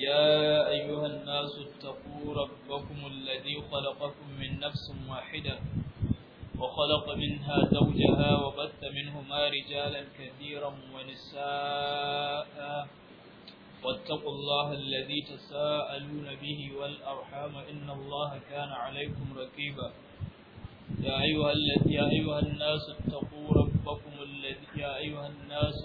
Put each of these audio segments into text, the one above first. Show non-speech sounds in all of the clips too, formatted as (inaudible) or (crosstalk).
يا أيها الناس اتقوا ربكم الذي خلقكم من نفس واحدة وخلق منها زوجها وبث منهما رجالا كثيرا ونساء واتقوا الله الذي تساءلون به والأرحام إن الله كان عليكم ركيبا يا أيها, يا أيها الناس اتقوا ربكم الذي يا أيها الناس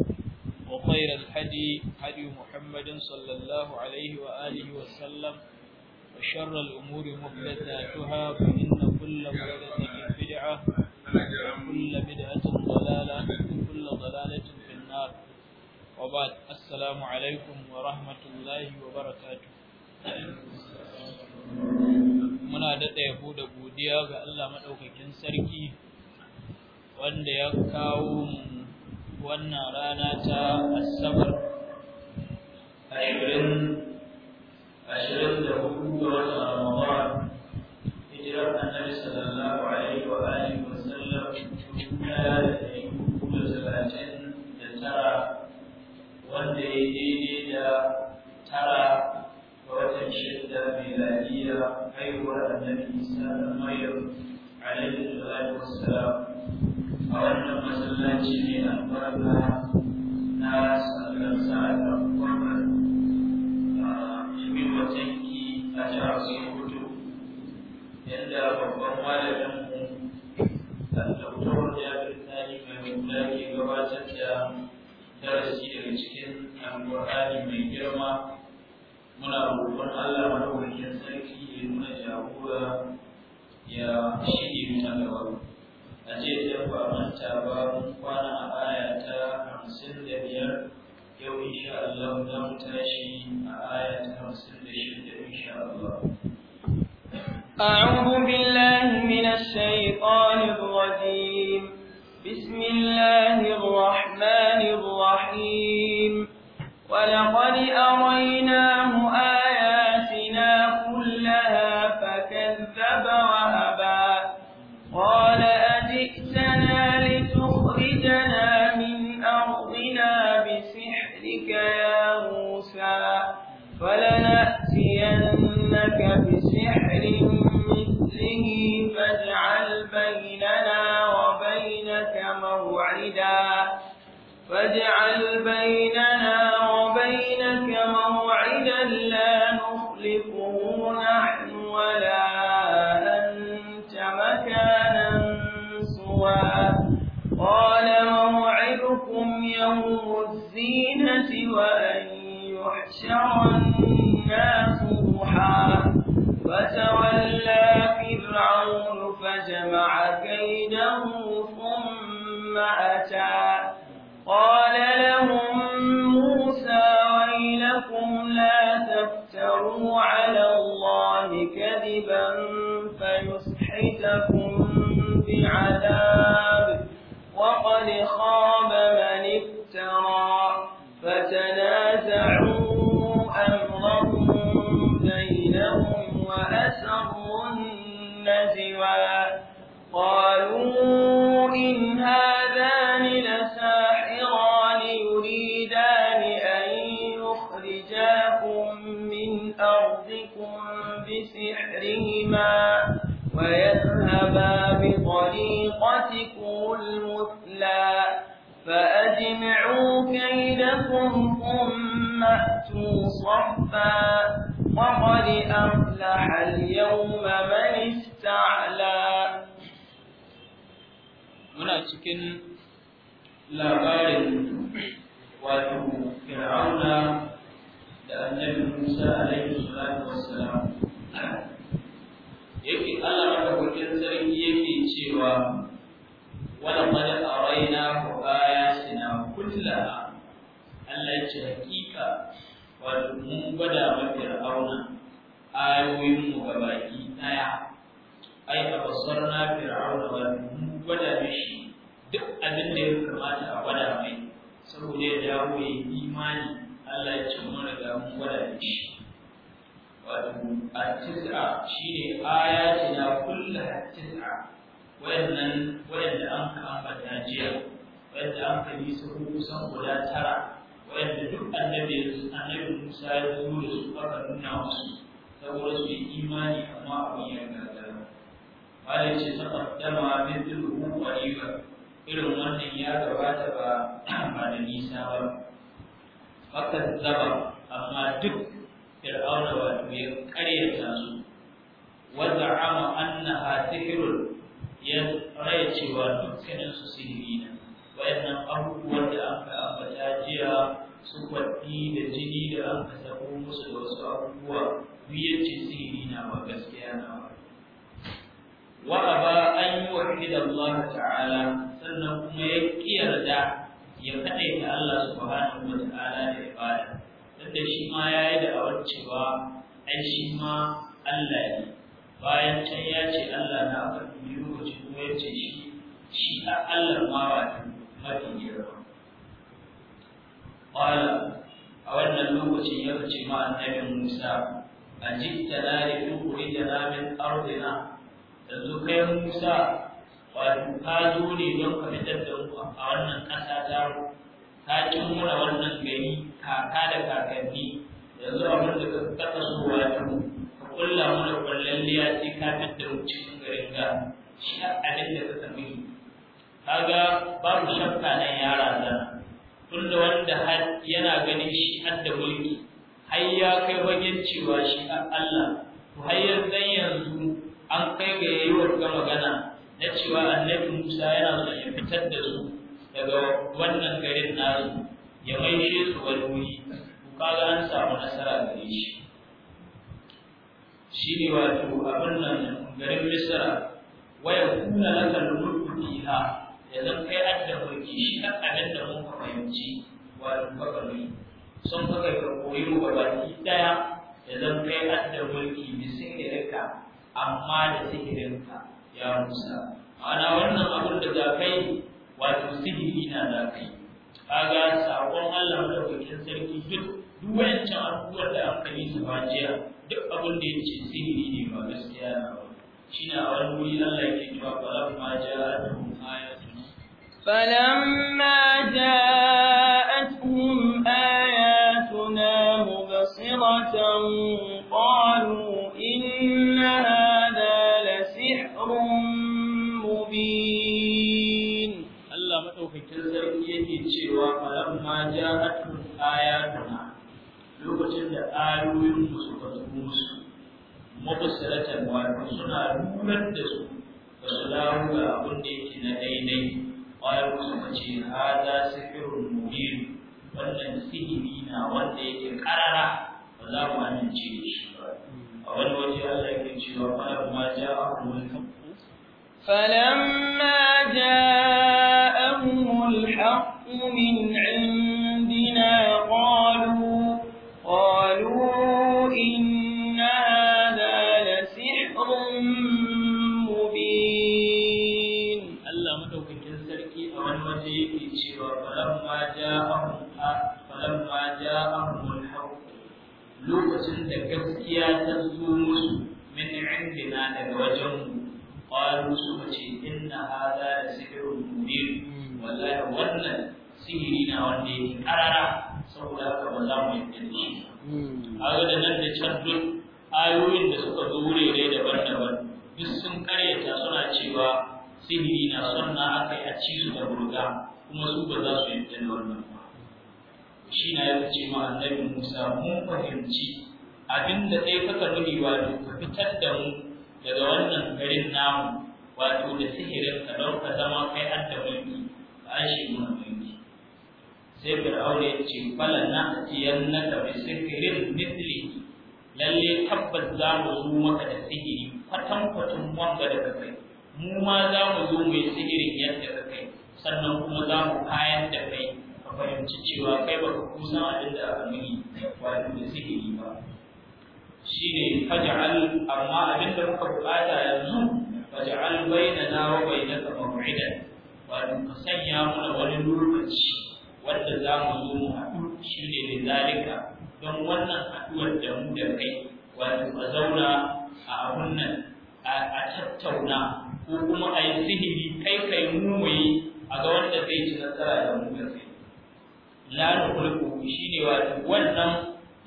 وخير الهدي هدي محمد صلى الله عليه وآله وسلم وشر الأمور محدثاتها فإن كل محدثة بدعة وكل بدعة ضلالة وكل ضلالة في النار وبعد السلام عليكم ورحمة الله وبركاته muna daɗa yabo da godiya ga Allah maɗaukakin sarki wanda ya kawo mu wannan rana ta asabar ashirin ashirin da hudu ga watan ramadan hijirar annabi sallallahu alaihi wa alihi wa sallam ta da ɗari hudu da talatin da tara wanda ya daidai da tara ga watan shidda miladiya haihuwar annabi isa da maryam alaihi salatu wassalam a wannan masallaci ne na sallar sa'ad al-Qur'an a cikin watanki a jihar Sokoto yadda babban malamin mu gabatar da darasi cikin mai girma muna roƙon Allah ya nuna ya a jiya idan ba manta ba kwana a aya ta hamsin da biyar yau insha Allah don tashi a aya ta hamsin da shida insha Allah. أعوذ بالله من الشيطان الرجيم بسم الله لكم من أرضكم بسحرهما ويذهبا بطريقتكم المثلى فأجمعوا كيدكم ثم أتوا صفا وقد أفلح اليوم من استعلى muna cikin labarin wato fir'auna annabi Musa alaihi salatu wassalam yake Allah madaukakin sarki yake cewa wala qad arayna ayatina kullaha Allah ya ce hakika wato mun gwada ma fir'auna ayoyin mu gabaki daya ai abasarna fir'auna wa mun gwada mishi duk abin da ya kamata a gwada mai saboda ya dawo ya imani Allah ya ce mun riga mun gwada da shi wato at-tis'a shine ayatina kullu at-tis'a wayannan wayanda an ka ambata jiya wayanda an ka yi su kusan guda tara wayanda duk annabi annabi Musa ya zo da su aka nuna musu saboda su yi imani amma abin ya gagara wani ce ta kaddama min dukkan wani ba irin wannan ya gabata ba ba da nisa ba fakat zaba amma duk fir'auna wato ya karyata su wa za'ama annaha sihrun ya raya cewa dukkanin su sihiri ne wayannan abubuwan da aka ambata jiya su kwaɗi da jini da aka sako musu da wasu abubuwa biyar ce sihiri na ba gaskiya na ba wa aba an yi wa Allah ta'ala sannan kuma ya yarda ya ta Allah subhanahu wa ta'ala da ibada tunda shi ma ya yi da'awar cewa ai shi ma Allah ne bayan can ya ce Allah na aka biyu lokaci kuma ya ce shi shi a Allah ma ba mafi girma Ƙwala a wannan lokacin ya ce ma annabi Musa ajibta la li da min ardina yanzu kai Musa wato ka zo ne don ka fitar da mu a wannan ƙasa ta ka kin mura wannan gari kaka da kakanni yanzu abin da ka taɓa so wato ka kulla mura kwallalliya sai ka fitar mu cikin garin ga shi abin da ka sami kaga babu shakka nan yara Tun da wanda har yana ganin shi har da mulki har ya kai bagen cewa shi har Allah to har yanzu yanzu an kai ga yayi wata magana na cewa annabi Musa yana son ya fitar da su daga wannan garin nasu ya maishe su wani wuri kaga an samu nasara gare shi shi ne wato abin nan garin Misra waya kuna laka lullu fiha ya zan kai an da mulki shi kan abin da mun fahimci wato bakari sun ka kai koyi wa baki daya ya zan kai an da mulki bisin da amma da sihirinka ya Musa ana wannan abin da za kai wato sihiri na za kai kaga sakon Allah da wakil sarki duk duk wancan abubuwan da aka yi su fajiya duk abin da yake sihiri ne ba gaskiya na ba shine a wani wuri Allah ke cewa falamma ja'atuhum ayatun falamma ja'atuhum ayatuna mubsiratan qalu inna cewa falamma ja'atun ayatuna lokacin da ayoyin mu suka zo musu mubasiratan wa suna nunar da su ba su dawo ga abin da yake na daidai ƙwayar ku suka ce hada sihirun mubin wannan sihiri na wanda yake karara ba za mu amince da shi ba a wani waje Allah yake cewa falamma ja'akum falamma ja'akum karara saboda haka ba za mu yi shi a ga da nan da can duk ayoyin da suka zo dai daban-daban duk sun karyata suna cewa sihiri na sunna aka yi a ci su da burga kuma su ba za su yi da wannan ba shi na ya ce ma annabi Musa mun fahimci abinda sai kaka nuni wato ka fitar da mu daga wannan garin namu wato da sihirin ka ɗauka zama kai an da mulki ka an shi sai fir'auna ya ce falan na tiyan na da sihirin mithli lalle tabbas za mu zo maka da sihiri fatan fatan wanda da kai mu ma za mu zo mu yi sihirin yadda ka kai sannan kuma za mu kayan da kai ka fahimci cewa kai ba ka kusa abin da aka muni wato da sihiri ba shi ne faja'al amma abin da muka bukata yanzu faja'al bainana wa bainaka maw'idan wato ka sanya mana wani lokaci wanda za mu zo mu haɗu shi ne da zalika don wannan haɗuwar da mu da kai wato a zauna a abun nan a tattauna ko kuma a yi sihiri kai kai mu mu yi a ga wanda zai ci nasara da mu da kai la nukhliqu ne wato wannan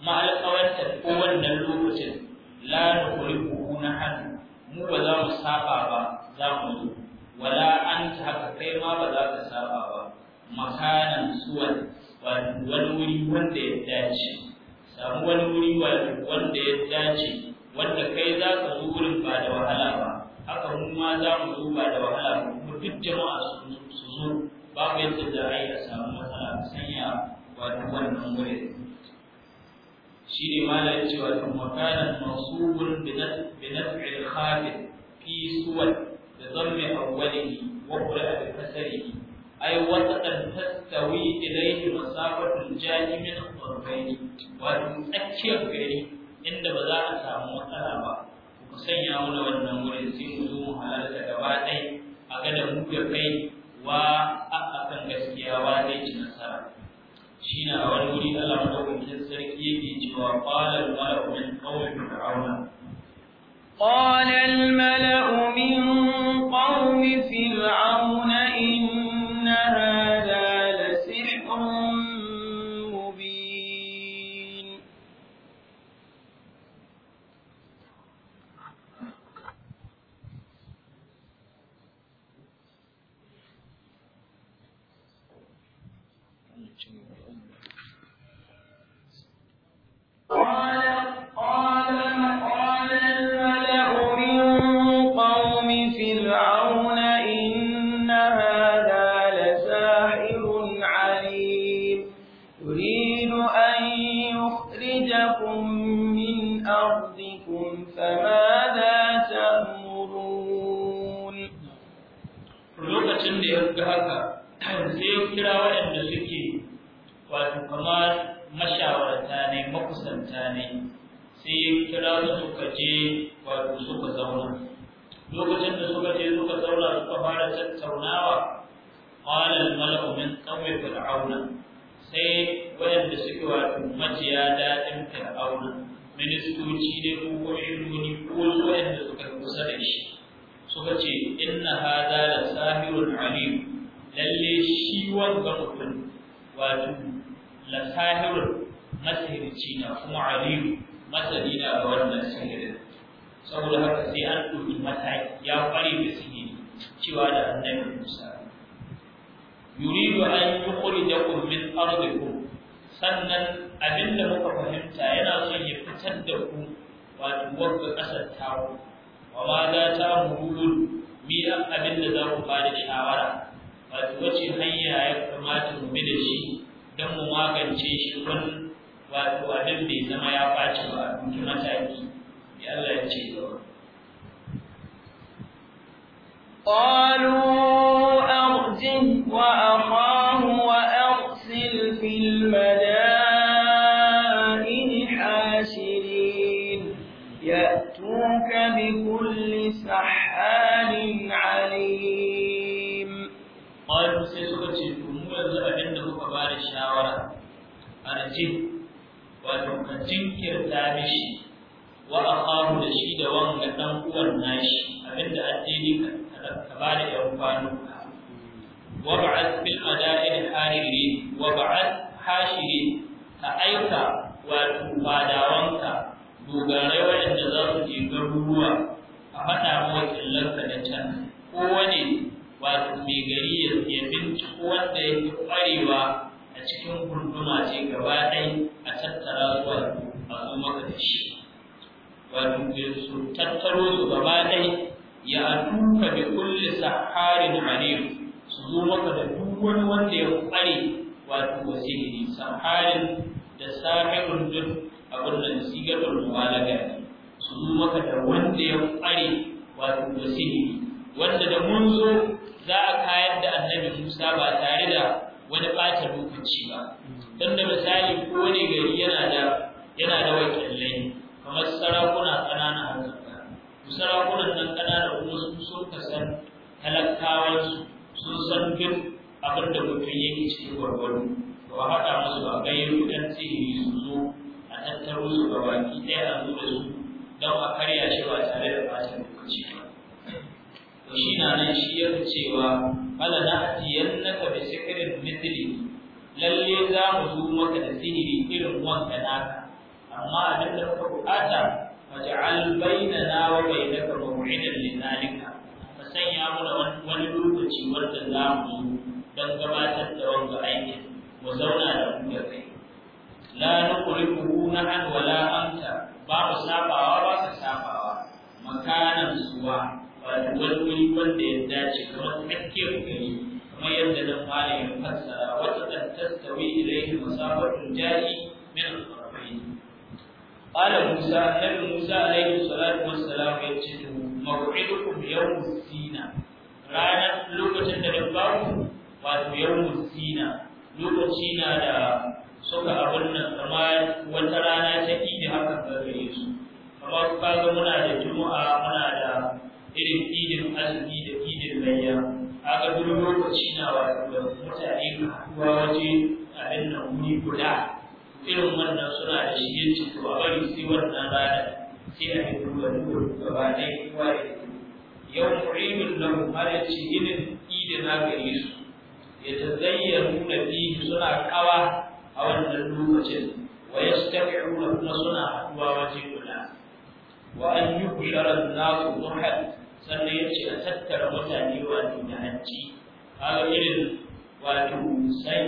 ma'alƙawarta ko wannan lokacin la nukhliqu na hannu mu ba za mu saba ba za mu zo wala an haka kai ma ba za ka saba ba makanan suwar wani wuri wanda ya dace samu wani wuri wanda ya dace wanda kai za ka zo wurin ba da wahala ba haka mu ma za mu zo ba da wahala ba kuma duk jama'a su zo babu yadda za a yi a samu matsala a sanya wato wannan wurin shi ne ma da cewa ta makanan masubun bi naf'il khafi fi suwar da zamme awwalihi wa qura bi kasarihi ai wata ɗan tattawi idai da masafatun jani min ƙwarfaini tsakiyar gari inda ba za a samu matsala ba ku sanya muna wannan wurin sai mu zo mu halarta gaba a ga da mu kai wa a akan gaskiya wa zai ci nasara shi na a wani wuri Allah sarki yake cewa qalan wa la min qawmi fir'auna qala al mala'u lokacin da ya ga haka sai ya kira waɗanda suke wato kamar mashawarta ne makusanta ne sai ya kira su suka je wato suka zauna lokacin da suka je suka zauna suka fara tattaunawa qala al-malaku min qawmi fir'auna sai wayanda suke wato majiya dadin fir'auna ministoci ne ko kwashironi ko wayanda suka kusa da shi suka ce inna hada da sahirun alim lalle shi wanga mutum wato la sahirun masihirci na kuma aliyu masani na a wannan sihirin saboda haka sai an ɗauki mataki ya ƙware da sihiri cewa da annabi Musa yuridu an yukhrijakum min ardikum sannan abinda muka fahimta yana son ya fitar da ku wato wanda ƙasar tawo wa ma za ta murul mi abinda za ku bada shawara wato wace hanya ya kamata mu bi da shi don mu magance shi kun wato abin bai zama ya ɓaci ba a ɗauki mataki ya Allah ya ce gaba. قالوا أرجه وأخاه da wanga ɗan uwan nashi abinda addini ka ba da ‘yan kwanuka. bil ada'il hariri, waba'ad hashiri, ka aika wato fadawanka, dogarai waɗanda za su je garuruwa a faɗa wa killarka da can. Kowane wato mai gari ya binciko wanda ya ƙwarewa a cikin gunduma ce gaba a tattara zuwa wato su tattaro su gaba ɗaya ya atuka bi kulli saharin alim su zo maka da duk wani wanda ya kware wato wasiri saharin da sahibun duk abin da sigatul mubalaga su zo maka da wanda ya kware wato wasiri wanda da mun zo za a kayar da annabi Musa ba tare da wani ɓata lokaci ba. Don misali ko wani gari yana da yana da wakilai kamar sarakuna ƙanana a zarga sarakunan nan ƙanana kuma sun so ka san talakawansu sun san duk abin da mutum yake cikin gwargwaro ba a haɗa musu ba bayyano ɗan sihiri su zo a tattaro su ga baki ɗaya a zo da su don a karya shi ba tare da ɓata lokaci ba to shi na nan shi ya cewa ala na ka bi sikirin mithli lalle za mu zo maka da sihiri irin wanda naka amma abin da kuka bukata waj'al bainana wa bainaka maw'idan lidhalika ka sanya mana wani lokaci wanda za mu dan gabatar da wanga aikin mu zauna da ku da kai la nuqribu nahan wala anta ba mu sabawa ba ka sabawa makanan suwa wato wani wuri wanda ya dace kamar tsakiyar gani. kamar yadda na malam ya fassara wata tattawi ilayhi jari min قال موسى النبي موسى عليه الصلاه والسلام يجد موعدكم يوم السينة رانا لوكة تنبار واتو يوم السينة لوكة سينة دا سوكا أبنى كما وترانا تكيد حقا بغيس كما قال منا دا جمعة منا دا إذن إذن أزل إذن إذن بيا هذا دلوكة سينة واتو متعليم وواجه أبنى مني كلها irin wannan suna da shi yin ci to a bari sai wannan rana sai a yi ruwa da ruwa gaba ɗaya kowa ya yi yau mu'imin lahu har ya ce yinin idina gare su ya tazayyaru na fihi suna kawa a wannan lokacin wa yastafi'una kuma suna haɗuwa waje guda wa an yi kusharar nasu muhal sannan ya ce a tattara mutane wa da hanci kaga irin wato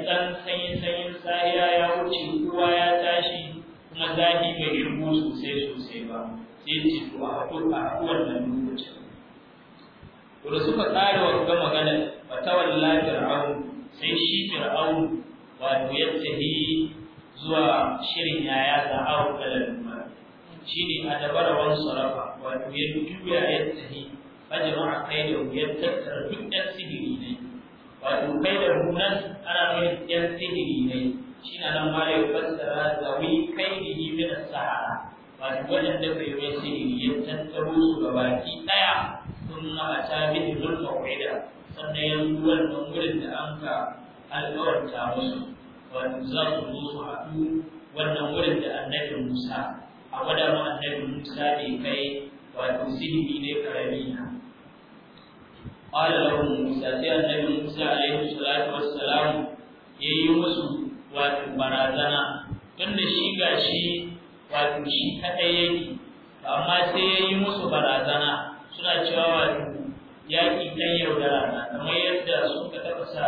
ɗan sanyin sanyin tsariya ya wuce ruwa ya tashi kuma zafi bai girgo sosai sosai ba sai ce to a kowannan lokacin da suka tsara wa ga magana fatawalla fir'aun sai shi fir'aun wato ya tafi zuwa shirin yaya da awu kalan shi ne a dabara wan sarafa wato ya juya ya tafi fajr a kai da ya tattara duk ɗan sihiri wato kai da hunan ana nufin yan sihiri ne shi na nan ma ya fassara zawi kai da yi min sahara wato da bai mai sihiri ya tattaro su ga baki ɗaya sun na a ta bi ilul mawida sannan 'yan wannan wurin da an ka alƙawarta musu wato za su zo su haɗu wannan wurin da annabi Musa a wadannan annabi Musa bai kai wato sihiri ne karami na qala lahum musa sai annabi musa alaihi salatu wassalam yayi musu wato barazana tunda shi ga shi wato shi kadai yake amma sai ya yi musu barazana suna cewa wato yaƙi kan yaudara na kamar yadda suka taɓa sa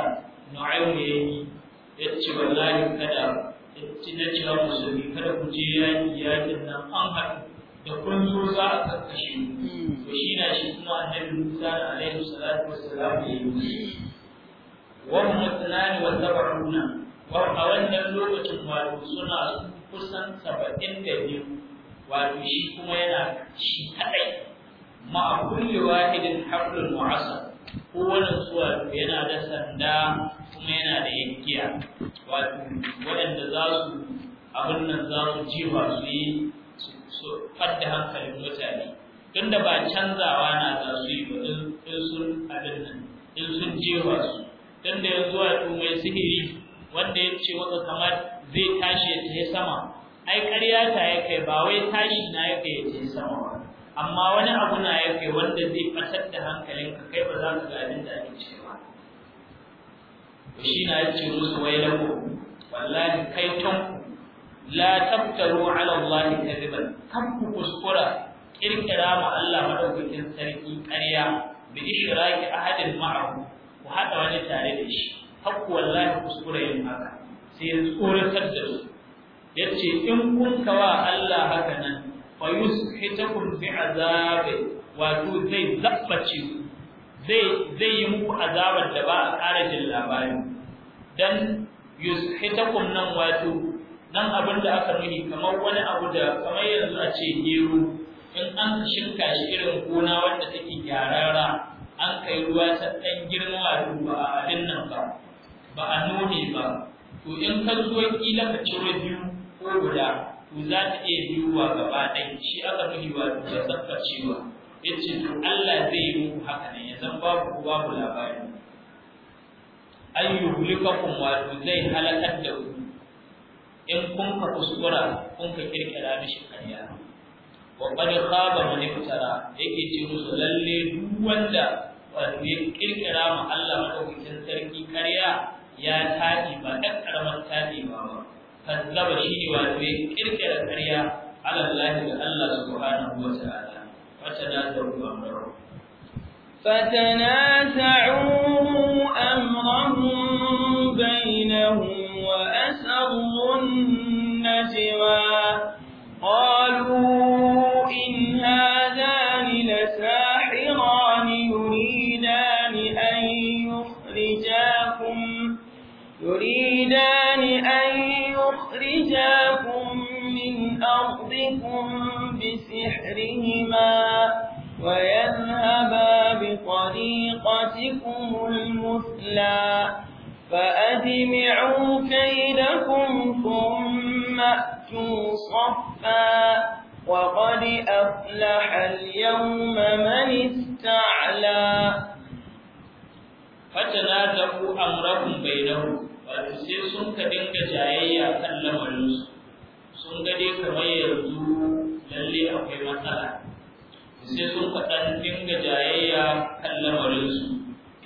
ya yi, ya ce wallahi kada ya ci da cewa musulmi kada ku je yaƙi yaƙin nan an haɗu da kunzo za a karkashe to shi na shi kuma annabi Musa alaihi salatu wassalam ya yi wa mutlan wa tabaruna wa a wannan lokacin wato suna kusan saba'in da biyu wato shi kuma yana shi kadai ma kulli wahidin hablul mu'asa kowane suwa yana da sanda kuma yana da yankiya wato waɗanda za su abin nan za su jiwa su yi su fadda hankalin mutane tun da ba canzawa na za su yi ba in sun abin nan in sun jewa su tun da yanzu a mai sihiri wanda ya ce wata kamar zai tashi ya tafi sama ai ƙarya ta ya kai ba wai tashi na ya kai ya tafi sama ba amma wani abu na ya kai wanda zai fasar da hankalin ka kai ba za ka ga abin da ake cewa shi na ya ce musu wai lako wallahi kai tanku la tabtaru ala allahi kadiban kan ku kuskura kirkira ma Allah madaukakin sarki ƙarya bi ishraki ahadin ma'ahu ku hada wani tare da shi hakku wallahi kuskura yin haka sai tsoratar da su yace in kun kawa Allah haka nan fa yushitakum fi azabi wato zai zabbace zai zai yi muku azabar da ba a ƙara jin labari dan yushitakum nan wato dan abin da aka nuni kamar wani abu da kamar yanzu a ce gero in an shirka shi irin gona wanda take gyarara an kai ruwa ta dan girma a a abin nan ba ba a nome ba to in ka zo kila ka ciro biyu ko guda to za ta iya biyuwa gaba ɗaya shi aka nuni wa da tsaftacewa ya ce to Allah zai yi muku haka ne ya zan babu babu labari an wa zai halakar da ku in kun ka kuskura kun ka kirkira mishi ƙarya wa qad khaba man da yake ce musu lalle duk wanda wanda ya kirkira ma Allah madaukakin sarki ƙarya ya taɗi ba ɗan ƙaramar taɗi ba ba kazzaba shi ne wato ya ƙirƙira ƙarya alallahi da Allah subhanahu wa ta'ala wata na taru amrahu fatanasa'u amrahum bainahum لهم النجوى قالوا إن هذان لساحران يريدان أن يخرجاكم يريدان أن يخرجاكم من أرضكم بسحرهما ويذهبا بطريقتكم المثلى فأجمعوا كيدكم ثم أتوا صفا وقد أفلح اليوم من استعلى فتناتقوا أمركم بينهم sai sun ka dinga jayayya kan lamarinsu sun ga kamar yanzu lalle akwai matsala sai sun ka dinga jayayya kan lamarinsu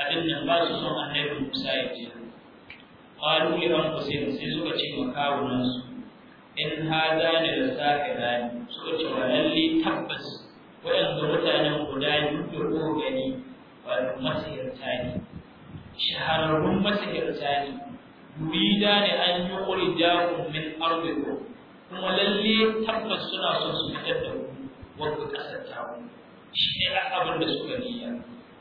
abin nan ba su son annabi Musa ya je qalu li anfusihim sai suka ce wa kawunan su in hada ne da sahirani suka ce wa lalle tabbas waɗanda mutanen guda biyu da ko gani wato masihirta ne shahararrun masihirta ne yurida ne an yi ƙurijahu min arzikum kuma lalle tabbas suna son su fitar da ku wanda ƙasar ta ku shi ne abin da suka niyya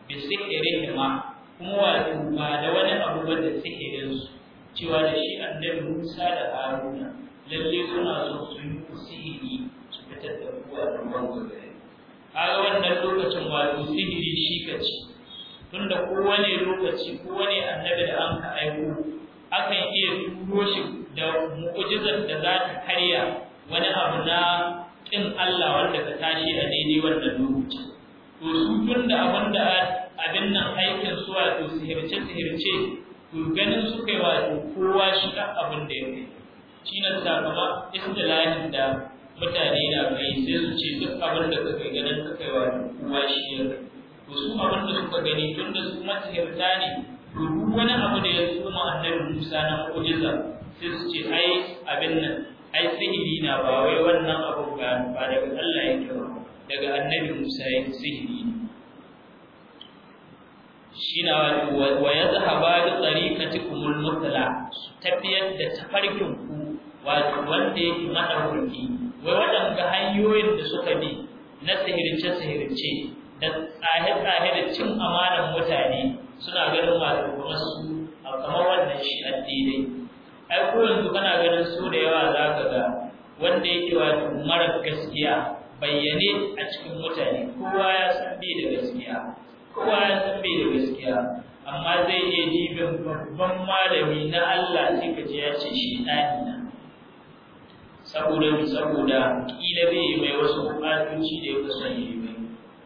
bi ma. kuma wato ba da wani abu ba da sihirinsu cewa da shi annabi Musa da Haruna lalle suna so su yi sihiri su fitar da ruwa da A kaga wannan lokacin wato sihiri shi kace tunda kowane lokaci kowane annabi da an ka aiko akan iya turo shi da mu'ujizar da za ta karya wani abu na kin Allah wanda ka tashi a daidai wannan lokaci to su tunda abin da abin nan aikin su wato sihirce sihirce to ganin su kai wato kowa shi ka abin da yake shi na sakama istilahin da mutane na kai sai su ce duk abin da kake ganin ka kai wato kowa shi ya to su abin da suka gani tun da su masihirta ne to duk wani abu da ya tsoma annabi Musa na mu'jiza sai su ce shine wa ya da yazhaba kumul mutala su tafiyar da tafarkin ku wanda yake madarki wai wadanda hanyoyin da suka bi na sahirce-sahirce da tsahe tsahe da cin amanan mutane suna ganin masu kuma su kamar wannan shi addinai ai ko yanzu kana ganin su da yawa ka ga wanda yake wato mara gaskiya bayyane a cikin mutane kowa ya san da gaskiya kowa ya san bai da gaskiya amma zai iya dibin babban malami na Allah sai ka ji ya ce shi ɗani na saboda saboda kila bai yi mai wasu buƙatoci da ya kusa yi mai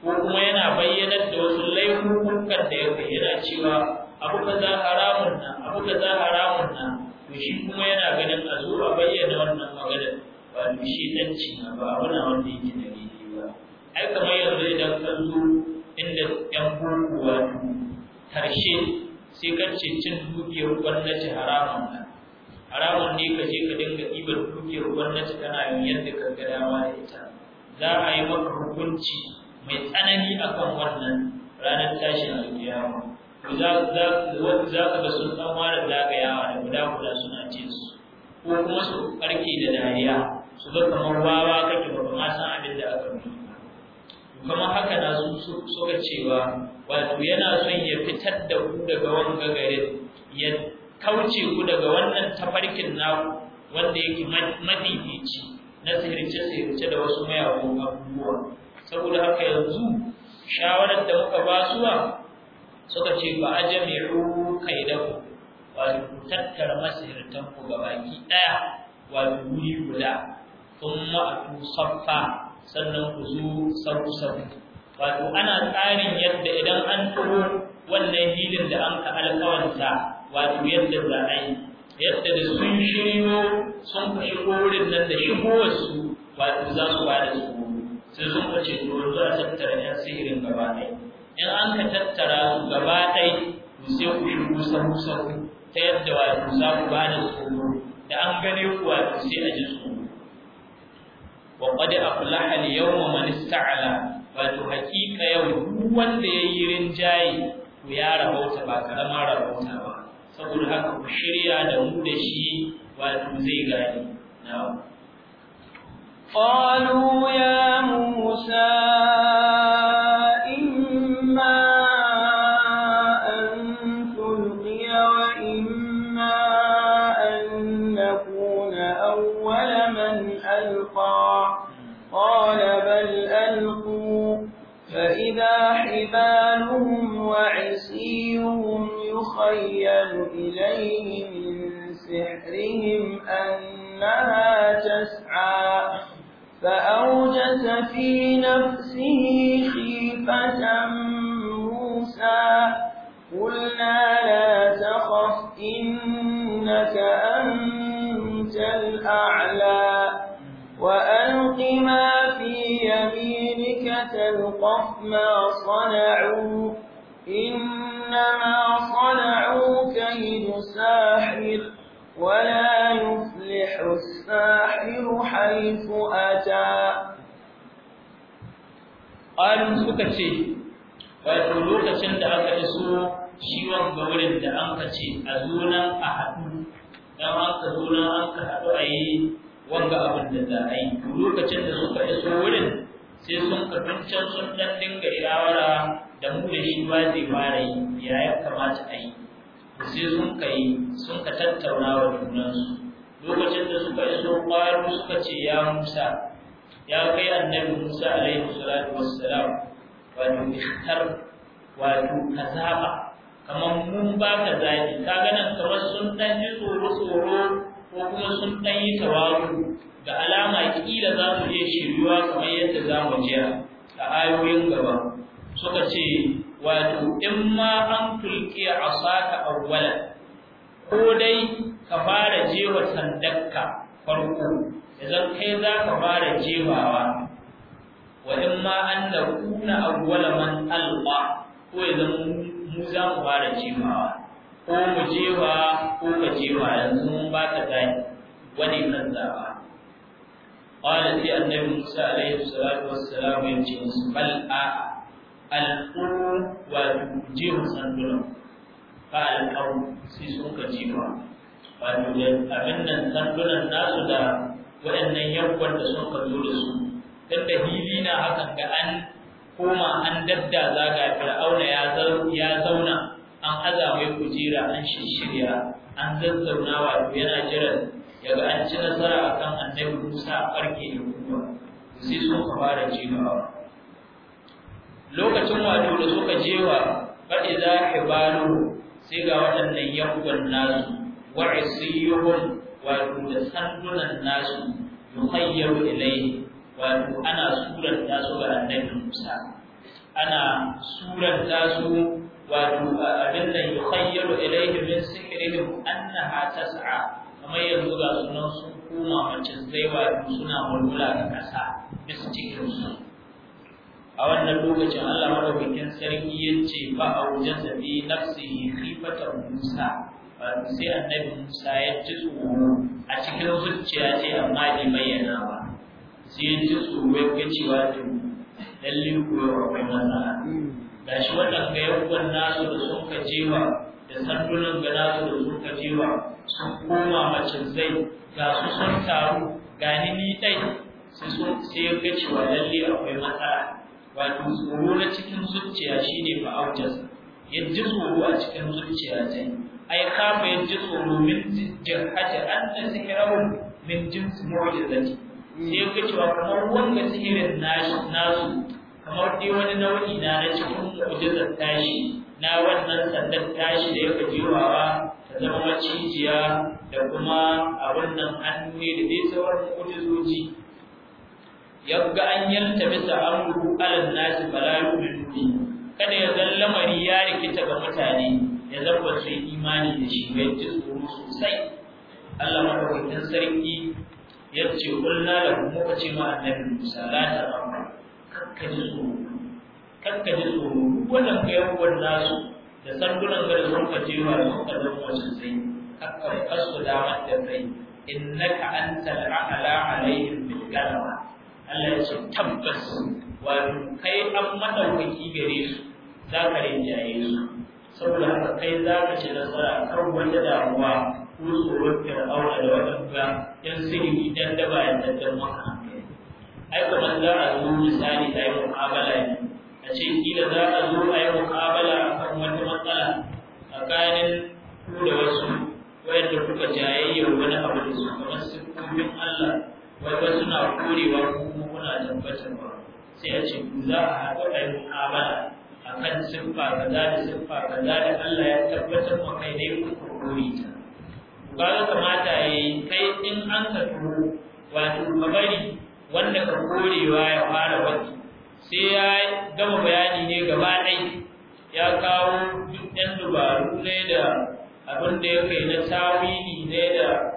ko kuma yana bayyanar da wasu laifukan da ya bayyana cewa abu kaza haramun na abu za haramun na to shi kuma yana ganin a zo a bayyana wannan maganar ba shi ɗanci na ba abu na wanda yake da ba ai kamar yanzu idan ka zo inda ‘yan gurguwa karshe sai ka cin dukiyar gwamnati haramun nan haramun ne ka je ka dinga ibar dukiyar gwamnati kana yin yadda ka dama da ita za a yi maka hukunci mai tsanani akan wannan ranar tashin alkiyama za ka ga sun ɗan ware zagayawa da guda guda suna ce su ko kuma su ƙarke da dariya su ga kamar wawa kake ba ma san abin da aka yi kuma haka na su suka cewa wato yana son ya fitar da ku daga wannan garin ya kauce ku daga wannan tafarkin naku wanda yake madidici na sihirce-sihirce da wasu mayagun abubuwa saboda haka yanzu shawarar da muka basuwa suka ce ba a jami'u kai da ku wato tattara ku ga baki ɗaya wato wuri guda sun ma'atu saffa sannan ku zo sabu-sabu wato ana tsarin yadda idan an turo wannan hilin da an ka alƙawarta wato yadda za a yi yadda da sun shiryo sun ka shigo wurin nan da wasu, wato za su ba da su sai sun ka ce to za ta tattara yan sihirin gaba ɗaya in an ka tattara su gaba ɗaya ku sai ku shigo sabu-sabu ta yadda wato za ku ba da su da an gane ku wato sai a ji tsoro wa qad aflaha al-yawma man ista'ala wato hakika yau wanda yayi rinjaye to ya rabauta ba karama rabauta ba saboda haka ku shirya da mu da shi wato zai gani na'am qalu ya musa يخيل إليه من سحرهم أنها تسعى فأوجس في نفسه خيفة موسى قلنا لا تخف إنك أنت الأعلى وألق ما في يمينك تلقف ما صنعوا إنما صنعوا كيد ساحر ولا يفلح الساحر حيث أتى قالوا سكتي wato lokacin da aka iso shi wanga wurin da an ka ce a zona a haɗu dan an ka zona a yi wanga lokacin da suka iso wurin sai sun ka can sun dan dinga shawara da mu da shi ba zai fara yi ya ya kamata a yi sai sun ka yi sun ka tattauna wa junansu lokacin da suka iso ƙwaro suka ce ya musa ya kai annabi musa alaihi salatu wassalam wato ikhtar wato kazaba kamar mun ba ka zaɓi ka ganin kamar sun ɗan ji tsoro tsoro ko kuma sun ɗan yi tawaru da alama kila za su iya shiryuwa kamar yadda za mu jiya a ayoyin gaba suka ce wato in ma an tulki asaka awwala ko dai ka fara jewa sandakka farko idan kai za ka fara jewawa wa in ma an da kuna awwala man alqa ko idan mu za mu fara jewawa ko mu jewa ko ka jewa yanzu mun ba ka dai wani nan zaba قال في النبي موسى عليه الصلاة والسلام يمشي بل القوم وجيه صندوق قال القوم سيسوك جيبا وجد أبنا صندوق الناس دا وأن يوكل سوك جولسو tunda hili na hakan ga an koma an dadda يا fir'auna ya zauna an aza mai kujera an shirya an zazzauna yaga an ci nasara a kan annabi Musa a farke da kuma sai so ka fara jimawa lokacin wato da suka jewa za idza hibalu sai ga waɗannan yankunan nasu wa isiyuhum wato da sandunan nasu yukhayyaru ilai wato ana surar nasu ga annabi Musa ana surar nasu, wato abin nan yukhayyaru ilayhi min sihrihim annaha tas'a kamar yanzu ga sunan sun koma macin zaiwa suna walwala ƙasa da su cikin su a wannan lokacin Allah madaukakin sarki ya ce ba a wajen zabi nafsihi khifatan Musa ba sai annabi Musa ya ji tsoro a cikin zuciya ce amma bai bayyana ba sai ya ji tsoro ya cewa lalle kuwa akwai matsala shi wannan ga yawan nasu da sun kajewa da sandunan ga nasu da sun kajewa sun koma zai, ga su sun taru ga ni ni sai sun sai ga cewa lalle akwai matsala wato tsoro na cikin zuciya shine fa aujas yaji tsoro a cikin zuciya ta ai kafa yaji tsoro min an ta sikrahu min da mu'jizati sai ga cewa kamar wanda sihirin nashi nasu kamar dai wani nau'i na na cikin mu'jizar tashi na wannan sandar tashi da yake jiwawa da kuma cijiya da kuma a wannan hannu da dai sauran Ya yadda an yanta bisa amru alal nasi balalu bihi kada ya lamari ya rikita ga mutane ya zaba su imani da shi bai ji tsoro sosai Allah madaukakin sarki ya ce kulna da muka ce ma annabi Musa la ta amma kakka ji tsoro kakka tsoro wannan kai wannan nasu da sarkunan garin ruka jewa da suka zama wajen sai kasu damar da kai innaka antal a'la alaihim bil galaba Allah ya ce tabbas wato kai an madaukaki gare su za ka rinjaye su saboda haka kai za ka ci nasara kan wanda damuwa ko tsoron fir'auna da waɗanda yan sirri dan daba yan daddan maka ai kamar za a zo misali ta yi mu'amala ne a cikin gida za a zo a yi muƙabala a kan wata matsala tsakanin ku da wasu wayanda kuka jayayyar wani abu da su kamar siffofin Allah wai ba suna korewa kuma kuna tabbatarwa sai a ce ku za a haɗu a yi muƙabala a kan siffa za da siffa za da Allah ya tabbatar ma kai dai kuka kore ta. Ba mata ya yi kai in an ka wato ka bari wanda ka korewa ya fara wani sai ya gama bayani ne gaba ɗai ya kawo duk ɗan dubaru ne da abin da ya kai na tawili ne da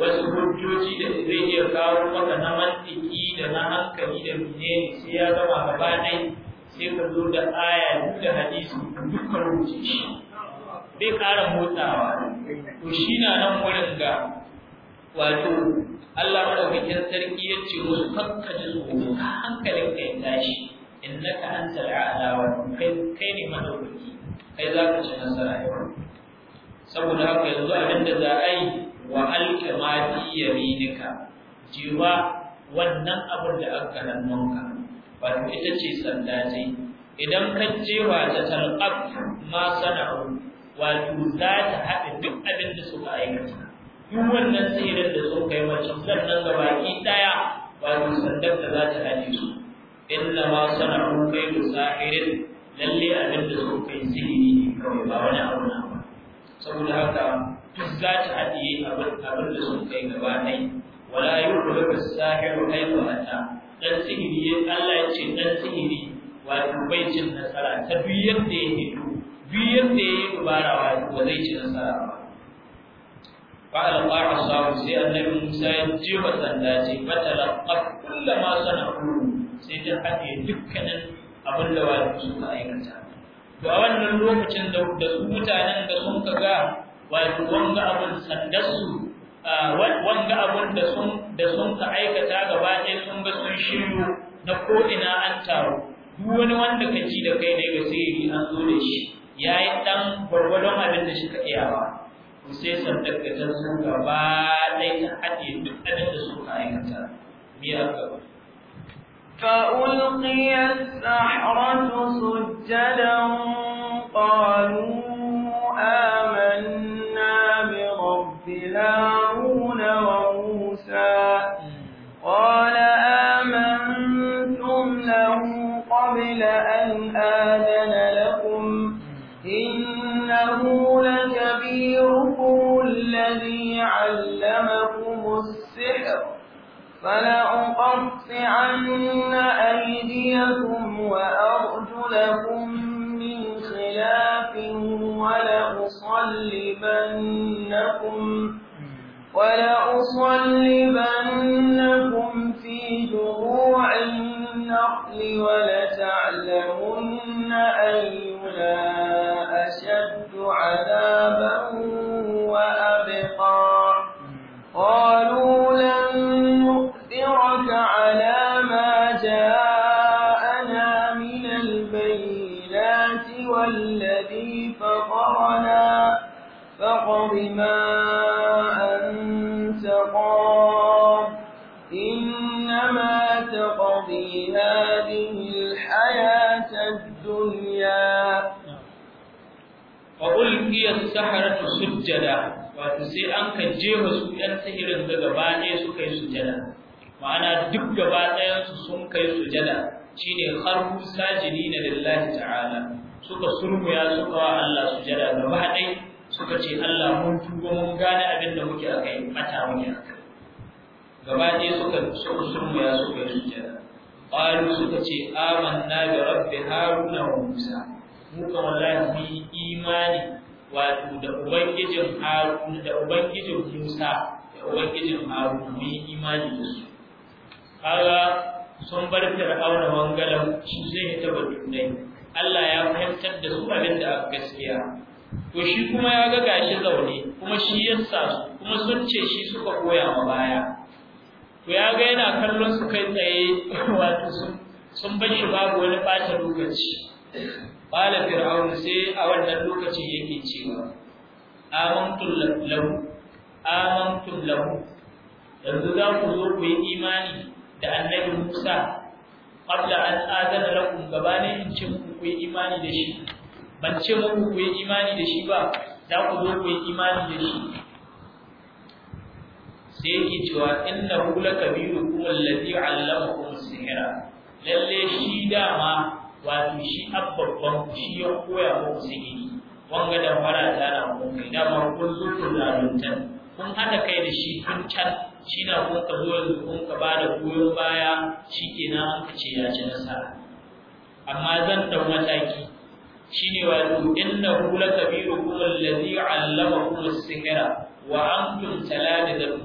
wasu hujjoji da zai iya kawo maka na mantiki da na hankali da ne, sai ya gama gaba ɗai sai ka zo da aya duk da hadisi duk ka rubuce shi bai ƙara motsawa to shi na nan wurin ga wato Allah madaukakin sarki ya ce wani kanka hankalin ka ya tashi innaka antal a'la wa kai kai ne madaukaki kai za ka ci nasara yau saboda haka yanzu abin da za a yi wa alkamati yaminika jiwa wannan abin da aka hannunka wato ita ce sanda ce idan ka jewa ta talqab ma sana'u wato za ta haɗa duk abin da suka aikata duk wannan tsirin da sun kai wancan sannan ga baki daya wato sandar da za ta dace su illa ma sana'u kai musahirin lalle abin da sun kai sihiri ne kawai ba wani abu na ba saboda haka duk za ta haɗiye abin da sun kai gaba ɗai wala yuhliku as-sahiru haythu ata dan sihiri Allah ya ce dan sihiri wato bai cin nasara ta duk yadda ya hito duk yadda ya yi dubara wato ba zai ci nasara ba فألقى عصاه سيأتي موسى يجيب سنداتي فتلقت كل ما صنعوا سيتحدي دكنا أبن لوالد سوء أيكتا فأولا الوقت da su mutanen da sun kaga wato wanga abun sandarsu wanga abun da sun ka aikata gaba ɗaya sun ga sun shiryo na ko'ina ina an taru duk wani wanda ka ji da kai ne ga sirri an zo da shi yayi dan gwargwadon abin da shi ka iya to sai sandar ka zanzan gaba ɗaya ta haɗe duk abin da suka aikata me aka فألقي السحرة سجدا قالوا آمنا برب العالمين ya suka wa Allah su sujada gaba ɗai suka ce Allah mun tuba mun gane abin da muke aka yi mata muke aka gaba ɗai suka suka ya suka yi jada qalu suka ce amanna bi rabbi haruna wa musa mu ka wallahi mun imani wato da ubangijin haruna da ubangijin musa da ubangijin haruna mun imani da su kaga sun bar fir'auna wangalan shi zai ta batunai Allah ya fahimtar da su abin da gaskiya to shi kuma ya ga gashi zaune kuma shi ya kuma sun ce shi suka koya ma baya to ya ga yana kallon su kai tsaye (laughs) wato sun sun bar shi babu wani ɓata lokaci bala fir'aun sai a wannan lokacin yake cewa amantu lahu amantu lahu yanzu za ku zo ku yi imani da annabi Musa qabla an adana lakum gabanin in ku yi imani da shi ban ce muku ku yi imani da shi ba za ku zo ku yi imani da shi sai yake cewa kuma lakabirukum alladhi 'allamakum sihira lalle shi dama wato shi abbabban shi ya koya muku sihiri wanga da fara ta na kuma dama kun zo ku kun haɗa kai da shi tun can shi na kuma ka zo yanzu kun ka ba da goyon baya shi na an ka ce ya ci nasara amma zan dau mataki Shi ne shine wa innahu lakabirukum allazi 'allamakum as-sihra wa an da taladidun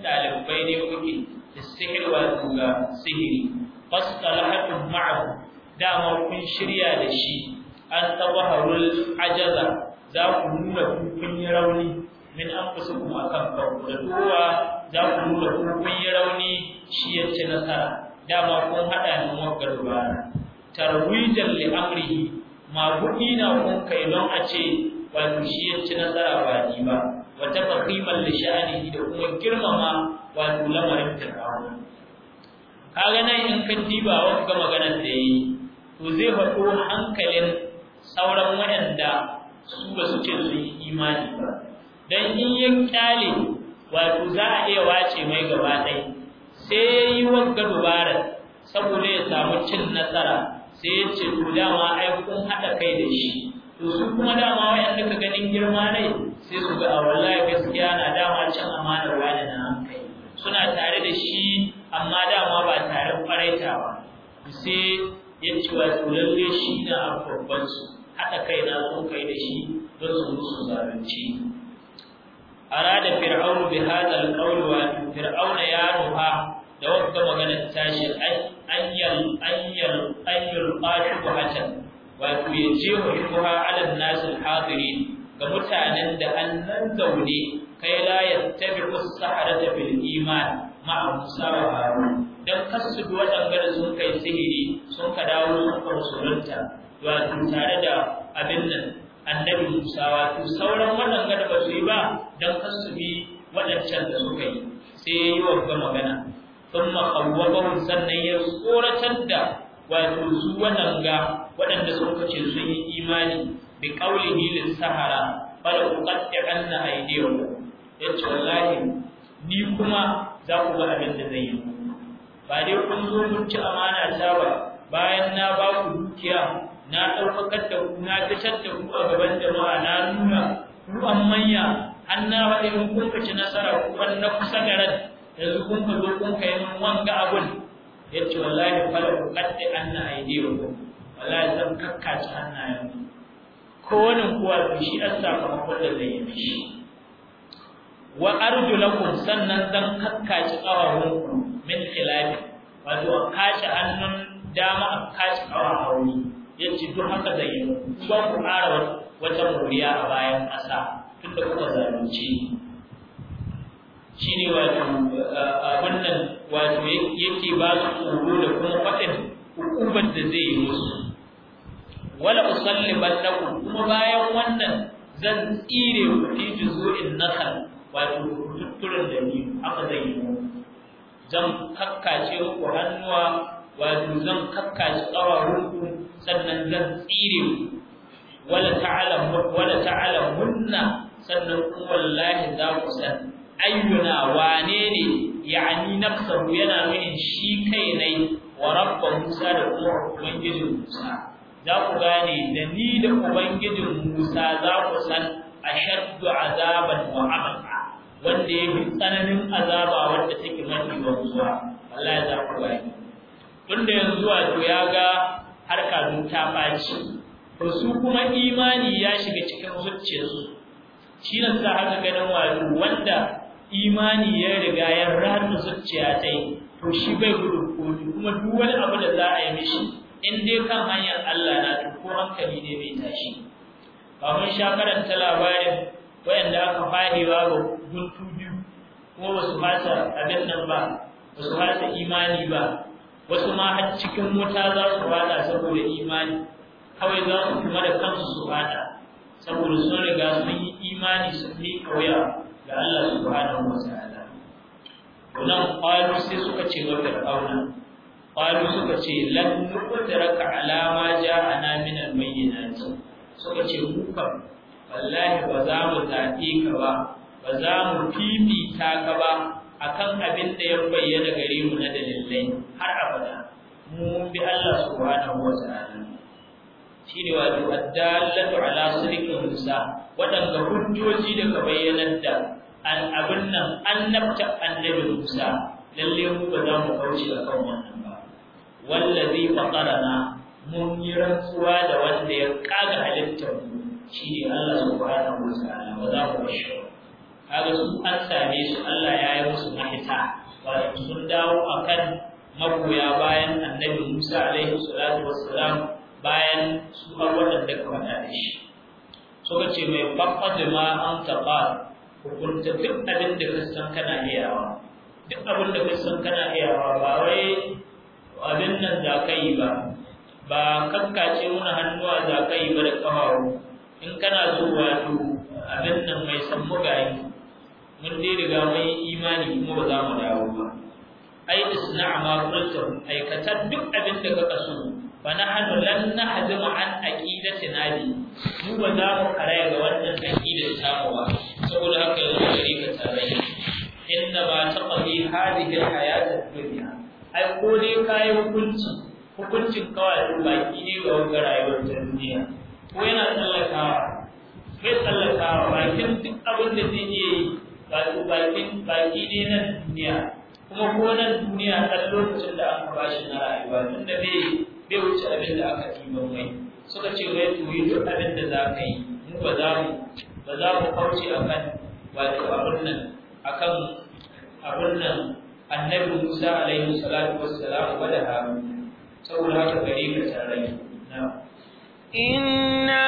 talibai ne kuke Da sihir wa ga sihiri fasalahatum ma'ahu dama kun shirya da shi an taɓa tabaharul ajaza za ku nuna kun yi rauni min an anfusikum akan kanku da kowa za ku nuna kun yi rauni shi yace nasara dama kun haɗa ni wakar bara tarwijan li amrihi ma kuɗi na kun kai don a ce ba shi ya ci nasara ba ni ba wa tafqiman li sha'nihi da kuma girmama wa lamarin fir'auna kaga nan in kan diba wata magana da yi to zai faɗo hankalin sauran waɗanda su ba su ce imani ba dan in ya kyale wato za a iya wace mai gaba ɗaya sai ya yi wanga dubara saboda ya samu cin nasara sai ya ce to dama ai kun haɗa kai da shi to su kuma dama 'yan duka ganin girma ne sai su ga a wallahi gaskiya na dama cin amanar wani na kai suna tare da shi amma dama ba tare kwaraita ba sai ya ce wa to lalle shi na babban su haɗa kai na kun kai da shi don su musu zarunci arada fir'aunu bi hadal qawl wa fir'auna ya ruha da wata maganar tashi ayyar ayyar ayyar qashu hatan wato ya ce wa shubha ala nas al ga mutanen da annan zaune kai la yattabi'u as-sahrata bil iman ma'a Musa wa Harun dan kasu waɗanda sun kai sihiri sun ka dawo sun ka musulunta wato tare da abin nan annabi Musa wato sauran waɗanda ba su yi ba don kasu bi waɗancan da suka yi sai ya yi wa magana thumma khawwabahum sannan ya tsoratar da wato su wannan ga waɗanda sun kace sun yi imani bi qawlihi lis sahara bal uqatti'anna aydihum yace wallahi ni kuma za ku ga abin da zai yi ba dai kun zo kun ci amana ta ba bayan na ba ku dukiya na ɗaukakar da ku na tashar da ku a gaban jama'a na nuna ku manya an na faɗi in kun ci nasara ku ban na kusa garan yanzu kun fito kun kai mun wanga abun yace wallahi fara ku kadde anna aidiyo wallahi zan kakkace hannayen ko wani kuwa shi a sakamakon da zai yi mishi wa lakum sannan zan kakkace ku min khilaf wato a kace hannun dama a kace ya yace duk haka zai yi ba ku ƙara wata muriya a bayan ƙasa tunda kuka zalunci shi ne wato abin nan wato yake ba su tsoro da kuma faɗin hukumar da zai yi musu wala usalli bannakum kuma bayan wannan zan tsire ku fi juzu'in nakal wato tutturin da ni aka zai yi zan kakkace ku hannuwa wato zan kakkace tsawarunku sannan zan tsire ku wala ta'alamun wala ta'alamunna sannan kuma wallahi za ku san ayyuna wane ne ya'ani nafsahu yana nuni shi kai ne wa rabba Musa da kuma ubangijin Musa za ku gane da ni da ubangijin Musa za ku san ashaddu azaban wa amaka wanda yake tsananin azaba wanda take mafi wanzuwa Allah ya za ku gane tunda yanzu wato ya ga harka dun ta faci to su kuma imani ya shiga cikin zuciyarsu shi ne sa haka ganin wato wanda imani ya riga ya rata zuciya ta yi to shi bai gudu ko kuma duk wani abu da za a yi mishi in dai kan hanyar Allah na to ko hankali ne bai tashi ba mun sha karanta labarin wayanda aka fahiwa ga guntu biyu kuma ba su abin nan ba ba su fata imani ba wasu ma har cikin mota za su fada saboda imani kawai za su kuma da kansu su fada saboda sun riga sun yi imani sun yi wuya ga Allah subhanahu wa ta'ala wannan qalu sai suka ce wa fir'auna qalu suka ce lan nuqtaraka ala ma ja'ana min al-mayyinat suka ce mu kam wallahi ba za mu zaɓe ka ba ba za mu fifita ka ba akan abin da ya bayyana gare mu na dalilai har abada Mu bi Allah subhanahu wa ta'ala ne wato addallatu ala sirrin musa wadanda hujjoji da ka bayyanar da abin nan annabta annabi Musa lalle mu ba za mu kauce da kan wannan ba wallazi faqarana mun yi rantsuwa da wanda ya kaga halittar mu shine Allah subhanahu wa ta'ala ba za mu bashi kaga su an same su Allah ya yi musu mahita wato sun dawo akan magoya bayan annabi Musa alaihi salatu wassalam bayan su har waɗanda ka faɗa da shi suka ce mai faɗa da ma an taɓa hukunta duk abin da ka san kana iyawa duk abin da ka san kana iyawa ba wai abin nan za ka yi ba ba ce wani hannuwa za ka yi ba da ƙafafu in kana zo wato abin nan mai san mugaye mun dai riga mun yi imani kuma ba za mu dawo ba ai isna ma qultum aikata duk abin da kaka so فنحن لن نحزم an عقيدتنا mu ba za mu karaya ga wannan aqida ko dai ka yi hukunci hukuncin kawai baki ne ga wata rayuwar ta duniya ko yana tsallakawa bai tsallakawa bakin duk abin da zai iya yi bakin baki ne na duniya kuma ko na duniya ɗan lokacin da aka shi na rayuwa tunda bai bai wuce abin da aka ɗiban mai suka ce wai to yi duk abin da za ka yi mu ba za mu ba za mu kauce akan wato abin nan akan abin nan annabi Musa alaihi salatu wassalam wa da Harun saboda haka gare ka tarayya na inna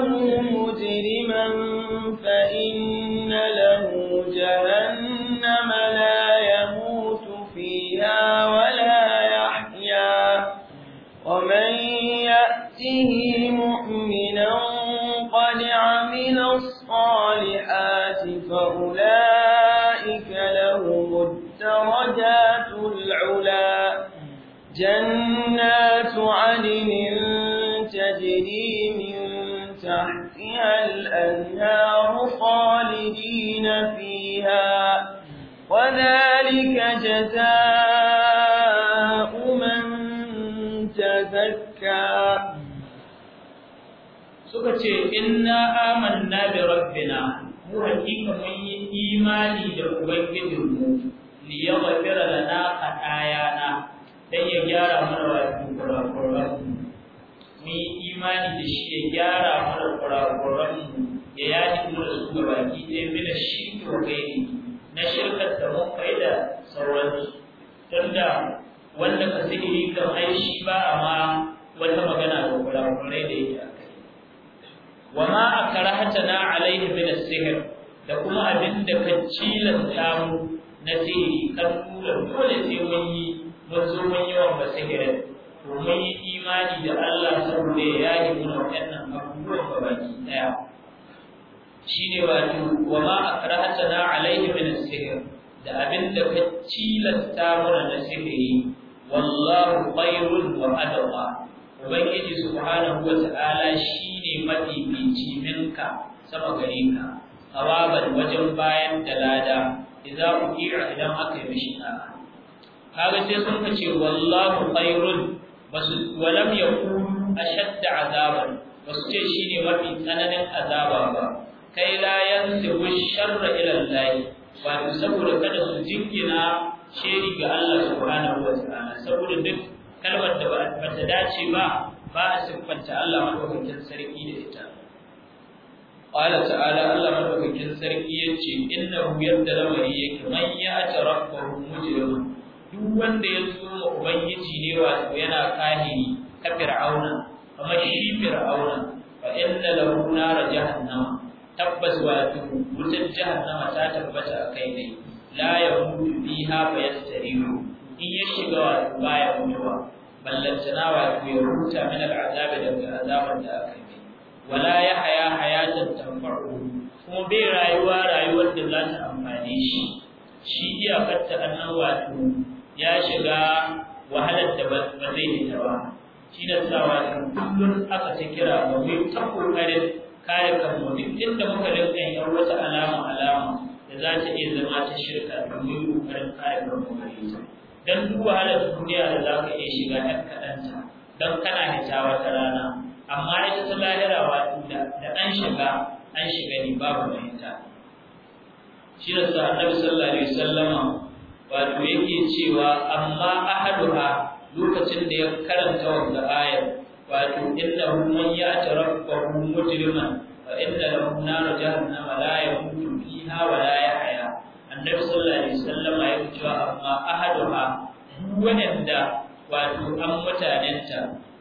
تَرَوْهُ مُجْرِمًا جزاء من تزكى suka ce آمنا بربنا وحكيك rabbina mu hakika mun yi imani da ubangijinmu جارة yaghfira lana khatayana dan ya imani da shi ya gyara mana kurakuran ya yaji mu suna baki ɗaya mina shi ne, na shirkar da mun kai da sauransu tunda wanda ka sihiri kan ai shi ba amma wata magana da kurakurai da yake akai wa ma na alaihi min sihir da kuma abin da ka cilasta mu na sihiri kan kula dole sai mun yi mun zo mun yi wa sihirin to mun yi imani da Allah saboda ya yi mun wannan abubuwan gabaki daya shine wato wa ma na alaihi min sihir da abinda da ka cilasta mana na sirri wallahu khairun wa adwa ubangiji subhanahu wa ta'ala shine mafifici minka sama gare ka tsawaban wajen bayan da lada idza uqira idan aka yi mishi da'a kaga sai sun ce wallahu khairun basu walam yaqulu ashadda azaban basu ce shine mafi tsananin azaba ba kai la yansibu sharra ila Allah wato saboda kada su jingina shiri ga Allah subhanahu wa ta'ala saboda duk kalmar da ba ta dace ba ba a siffanta Allah madaukakin sarki da ita Allah ta'ala Allah madaukakin sarki yace innahu yadda lamari yake man ya tarabbahu mujrimun duk wanda ya tsoro ubangiji ne wato yana kahiri ka auna, kamar shi auna, fa inna lahu nar jahannama tabbas wa wutar jahannama ta tabbata a kai ne la yamutu biha fa yastarihu in ya shiga wa baya mutuwa ballantana wa ya huta min al'azabi daga azabar da aka yi wala ya haya hayatan tanfa'u kuma bai rayuwa rayuwar da za ta amfane shi shi iyakarta annan wato ya shiga wahalar da ba zai yi ta ba shi da sa wato kullum aka ta kira ba mai ta kare mu duk inda muka rinka yin wata alama alama da za ta iya zama ta shirka da kokarin kayakan kanmu gare ta dan duk wahalar duniya da za ka iya shiga ɗan ta don kana hita ta rana amma ita ta lahirawa da an shiga an shiga ne babu mahita shi da sa annabi sallallahu alaihi wasallama wato yake cewa amma ahaduha lokacin da ya karanta wannan ayar wato innahu man ya'tarafu bihi mujriman fa inna lahu nar jahannam la yamutu fiha wa la yahya annabi sallallahu alaihi wasallam ya ce amma ahaduha wadanda wato an mutanenta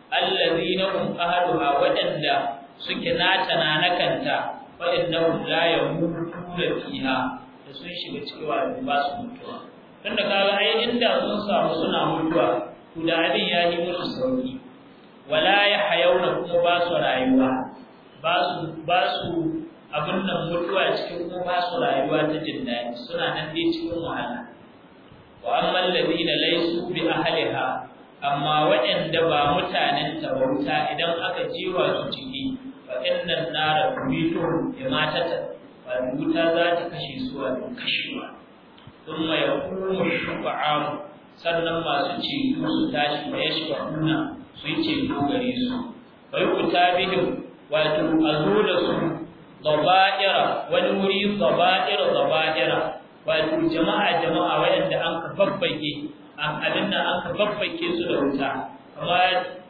allazina hum ahaduha wadanda suke nata na nakanta fa innahum la yamutu fiha da sun shiga cikin wato ba su mutuwa tunda kaga ai inda sun samu suna mutuwa to da abin ya yi musu sauki wala ya hayauna kuma ba su rayuwa ba su ba su abin nan mutuwa cikin kuma ba su rayuwa ta jin suna nan dai cikin wahala wa amma alladhina laysu bi ahliha amma waɗanda ba mutanen ta idan aka jiwa su ciki fa innan nara tumitu ya ta fa wuta za ta kashe su a kashewa thumma yaqumu shufa'a sannan masu ceto su tashi ya yashfa'una sun ce gare su bai kuta bihin wato a zo da su zaba'ira wani wuri zaba'ira zaba'ira wato jama'a jama'a wayanda an ka babbake a abin nan an ka babbake su da wuta amma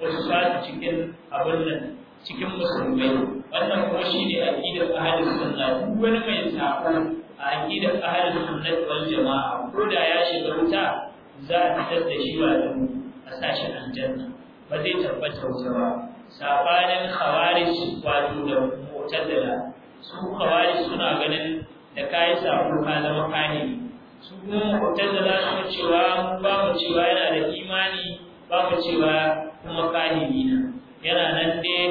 wasu sa cikin abin nan cikin musulmai wannan kuma shine aqidar ahlus sunna duk wani mai sako a aqidar ahlus sunna wal jama'a ko da ya shiga wuta za a fitar da shi wato a sashi aljanna ba zai tabbata wuta ba sabanin khawarij wato da mu'tazila su khawarij suna ganin da kai sabo ka zama kani su kuma mu'tazila suna cewa mu ba mu cewa yana da imani ba mu cewa kuma kani na yana nan dai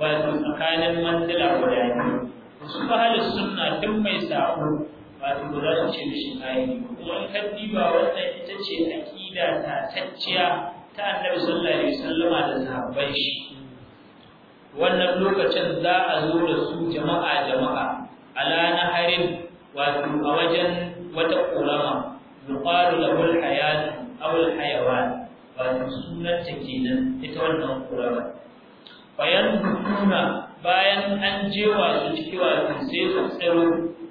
wato tsakanin mandala guda biyu su ahli sunna duk mai sabo wato ba za su ce mishi kahiri kuma in ka wannan ita ce aqida ta tacciya ta annabi sallallahu alaihi wasallama da sahabban shi wannan lokacin za a zo da su jama'a jama'a ala naharin wato a wajen wata ƙorama yuqalu lahu al-hayat aw al-hayawan wato sunan ta kenan ita wannan ƙorama bayan dukuna bayan an je su ciki wato sai su tsaro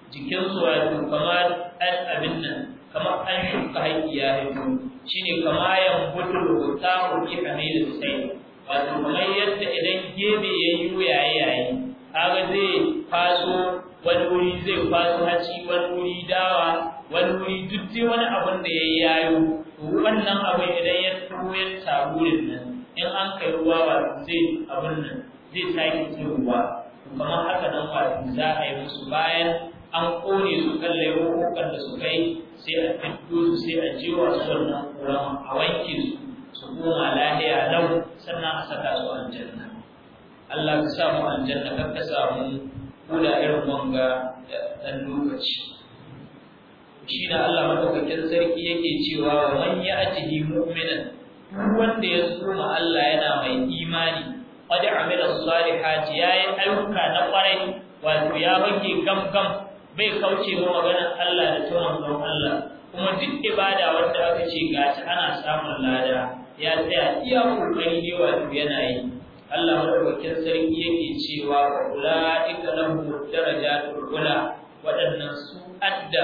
jikinsu wato kamar an abin nan kamar an shuka haƙƙi ya haihu ne kama yan butul hutahu ki da sai wato kamar yadda idan gebe ya yi yayi yayi kaga zai faso wani wuri zai faso haci wani wuri dawa wani wuri duk dai wani abin da ya yi yayo wannan abin idan ya tsoro ya samu nan in an kai ruwa wato zai abin nan zai sake ruwa. kamar haka nan wato za a yi musu bayan an kone su kallayo kokan da suka yi sai a fito su sai a jiwa su wannan kuran a wanke su su koma lahiya lau sannan a saka su janna Allah ka sa mu aljanna kar ka sa mu kula irin wanga da dan lokaci shi da Allah madaukakin sarki yake cewa man ya ajihi mu'minan wanda ya tsoma Allah yana mai imani qad amila salihati yayi ayyuka na kwarai wato ya bake gamgam bai kauce wa maganar Allah da tauran don Allah kuma duk ibada wanda aka ce ga ta ana samun lada ya tsaya iya kokari ne wato yana yi Allah madaukakin sarki yake cewa wa ulaika lahum darajatul ula waɗannan su adda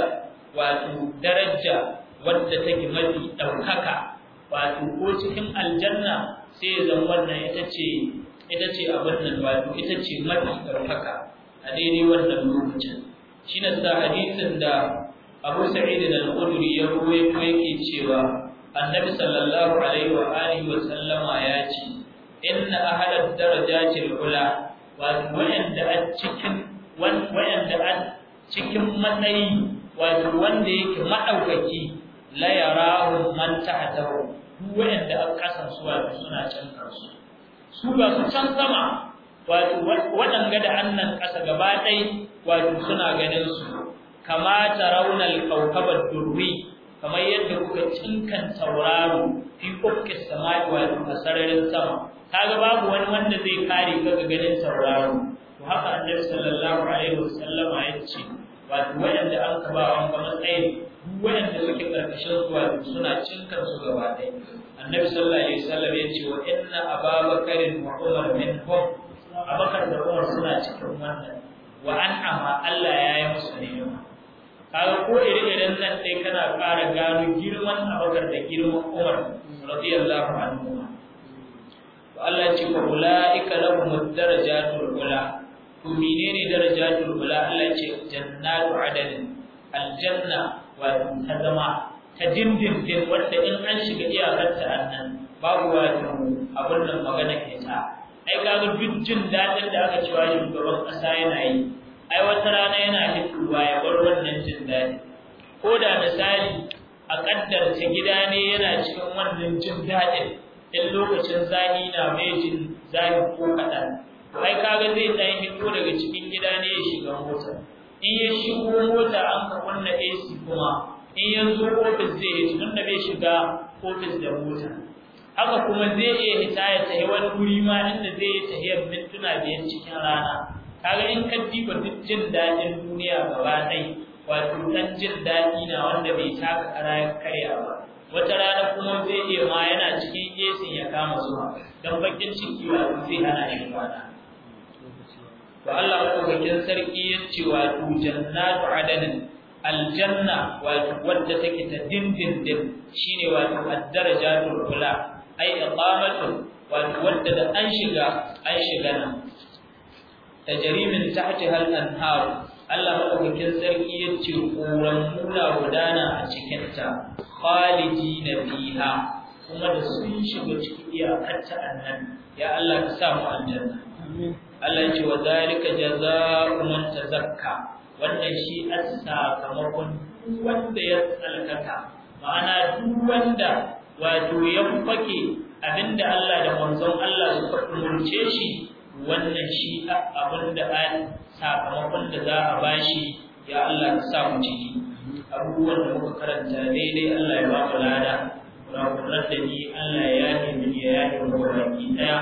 wato daraja wadda take mafi ɗaukaka wato ko cikin aljanna sai ya zama wannan ita ce ita ce abin nan wato ita ce mafi daukaka a daidai wannan lokacin shi ne sa hadisin da abu sa'idin al-qudri ya ruwe ko yake cewa annabi sallallahu alaihi wa alihi wa sallama ya ce inna ahadad darajatil ula wa wanda a cikin wanda a cikin matsayi wato wanda yake madaukaki la yarahu man tahtahu duk wanda a kasan su wato suna can kansu su ba su can sama wato waɗanga da annan ƙasa gaba dai wato suna ganin su kama taraunal kaukabar durwi kamar yadda kuka cinkan tauraro fi ukkis samai wato a sararin sama kaga babu wani wanda zai kare kaga ganin tauraro to haka annabi sallallahu alaihi wasallam ya ce wato waɗanda an ka ba ga matsayin waɗanda suke karkashin su wato suna cinkan su gaba dai annabi sallallahu alaihi wasallam ya ce wa inna ababakarin wa umar minhum abakar da umar suna cikin wannan wa an'ama Allah ya yi musu ni'ima kaga ko ire-iren nan sai kana ƙara gano girman abakar da girman umar radiyallahu anhu Ba Allah ce ko ulaika lahum darajatul ula to menene darajatul ula Allah ce jannatu adadin aljanna wa ta zama ta dindindin wanda in an shiga iyakar ta annan babu wani abin nan magana ke ta ai ga duk jin dadin da aka cewa shugaban kasa yana yi ai wata rana yana hitowa ya bar wannan jin dadi ko da misali a ta gida ne yana cikin wannan jin dadin in lokacin zahi na mai jin zahi ko kadan ai kaga zai tsaye hito daga cikin gida ne ya shiga mota in ya shigo mota an ka kunna AC kuma in yanzu ofis zai hito tunda bai shiga ofis da mota haka kuma zai iya hita ya tahi wani wuri ma inda zai yi tahiyar mintuna biyar cikin rana kaga in ka diba duk jin daɗin duniya gaba ɗai wato ɗan jin daɗi na wanda bai taka kara karya ba wata rana kuma zai iya ma yana cikin yesin ya kama zuwa don bakin ciki wato zai hana shi kwana to Allah ko bakin sarki ya ce wato jannatu adanin aljanna wato wadda take ta dindindin shine wato addarajatul ula ai iqamatu wato wanda da an shiga an shiga nan tajri min tahtiha al-anhar Allah madaukakin sarki ya ce kuran muna gudana a cikin ta na fiha kuma da sun shiga ciki cikin iyakarta annan ya Allah ka sa mu aljanna Allah ya ce wa zalika jazaa'u man tazakka wannan shi as-sakamakon wanda ya tsalkaka ma'ana duk wanda wato ya fake abinda Allah da manzon Allah suka umurce shi wannan shi abinda an sakamakon da za a bashi ya Allah ka sa mu ciki abubuwan da muka karanta daidai Allah ya ba mu lada kurakurar da ni Allah ya yi mini ya yi mu baki daya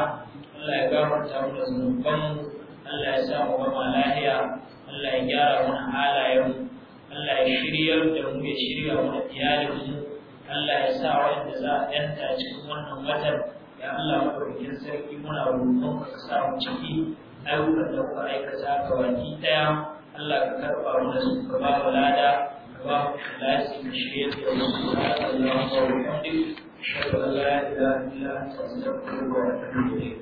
Allah ya gafarta mu da zunuban Allah ya sa mu gama lahiya Allah ya gyara mana halayen Allah ya shirya da mu ya shirya mana iyalin mu Allah ya sa wanda za a yanta cikin wannan watan ya Allah mafarkin sarki muna roƙon ka sa mu ciki ayyukan da ku aikata ga wani ɗaya Allah ka karɓa mana su ka ba mu lada ka ba mu ikhlasi ka shirya da mu ya Allah ka roƙon duk shukran la ilaha illa anta astaghfiruka wa atubu ilayk